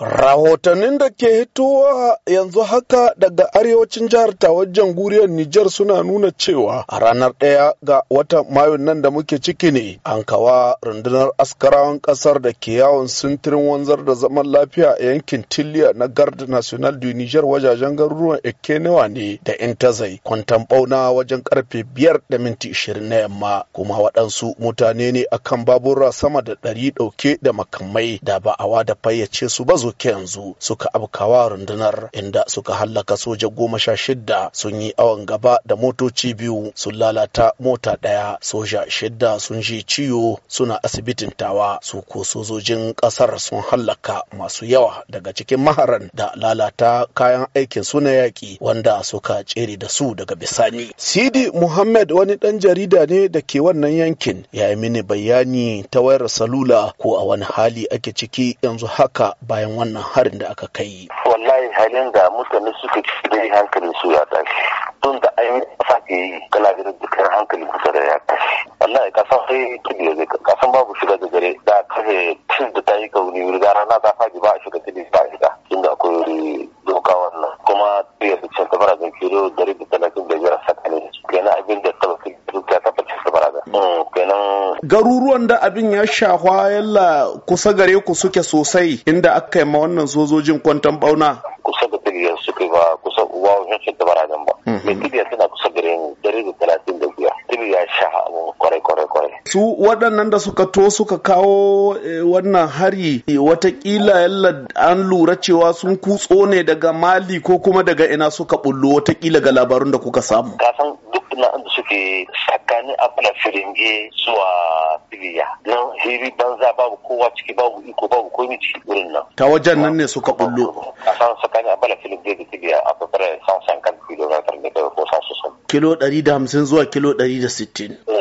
Rahotannin da ke hitowa yanzu haka daga arewacin jihar wajen guriyar Nijar suna nuna cewa a ranar ɗaya ga watan mayun nan da muke ciki ne an kawa rundunar askarawan ƙasar da ke yawon sintirin wanzar da zaman lafiya a yankin Tiliya na Gard National du Nijar wajajen garuruwan Ekenewa ne da Intazai kwantan bauna wajen karfe biyar da minti ishirin na yamma kuma waɗansu mutane ne akan babura sama da ɗari ɗauke da makamai da ba wa da fayyace su ba zoke yanzu suka abkawa rundunar inda suka hallaka soja goma sha shidda sun yi awon gaba da motoci biyu sun lalata mota ɗaya soja shidda sun ji ciwo suna asibitin tawa su ko sojojin ƙasar sun hallaka masu yawa daga cikin maharan da lalata kayan aikin su na yaƙi wanda suka tsere da su daga bisani sidi muhammad wani ɗan jarida ne da ke wannan yankin ya yi mini bayani ta wayar salula ko a wani hali ake ciki yanzu haka bayan wannan harin da aka kai. Wallahi halin da mutane suka ci da hankalin su ya tashi. Tun da an ke yi kana da dukkan hankalin kusa da ya tashi. Wallahi kasan sai kibiyar kasan babu shiga da gare da kashe cin da ta yi kauni wuri da rana ta faɗi ba garuruwan da abin ya shahwa yalla kusa gare ku suke sosai inda aka yi ma wannan sojojin kwantan bauna kusa da biliyan suke ba kusa uwa wajen da nan ba mhm. mai biliyan suna kusa gare ni dari da talatin da biyar biliyan sha abu kwarai kwarai kwarai su waɗannan da suka to suka kawo eh, wannan hari watakila yalla an lura cewa sun kutso ne daga mali ko kuma daga ina suka bullo watakila ga labarun da kuka samu suna inda suke tsakanin abana firinge zuwa biliya don hiri banza babu kowa ciki babu iko babu komi ciki wurin nan ta wajen nan ne suka bullo a san tsakanin abana firinge da biliya a babbar san san kan kilo na tarbe da ko san su kilo 150 zuwa kilo 160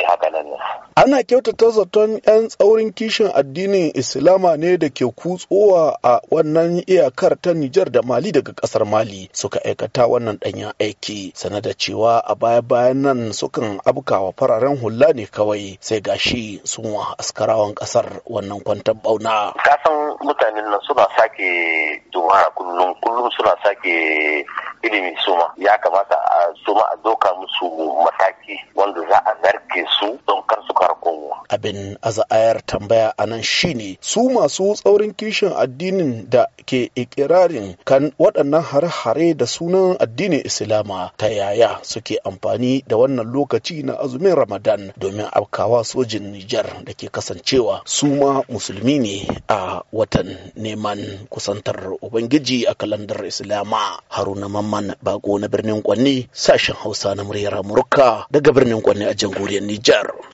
ana kyautata zaton 'yan tsaurin kishin addinin islama ne da ke kutsowa a wannan iyakar ta nijar da mali daga ƙasar mali suka aikata wannan danyen aiki sana da cewa a baya bayan nan sukan wa fararen hula ne kawai sai gashi sun wa askarawan kasar wannan kwantar bauna kasan mutanen nan suna sake dumara kullum kullum suna sake ilimi suma ya kamata a suma a doka musu mataki wanda za a zarge su don kar su kar abin aza'ayar tambaya a nan shine su masu tsaurin kishin addinin da ke ikirarin kan waɗannan hare-hare da sunan addinin islama ta yaya suke amfani da wannan lokaci na azumin ramadan domin afkawa sojin nijar da ke kasancewa su ma musulmi ne a watan neman kusantar ubangiji a kalandar islama haruna mamma Abdulrahman Bako na birnin Kwanni sashen Hausa na muryar Amurka daga birnin Kwanni a jamhuriyar Nijar.